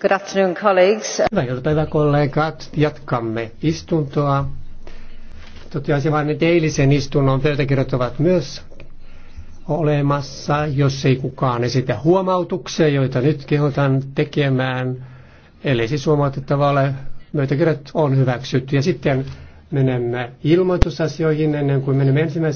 Good afternoon, colleagues. Hyvää iltapäivää kollegat. Jatkamme istuntoa. Toteaisin vain, että eilisen istunnon pöytäkirjat ovat myös olemassa, jos ei kukaan esitä huomautuksia, joita nyt kehotan tekemään. Eli siis huomautettava ole, pöytäkirjat on hyväksytty. Ja sitten menemme ilmoitusasioihin ennen kuin menemme ensimmäiseen.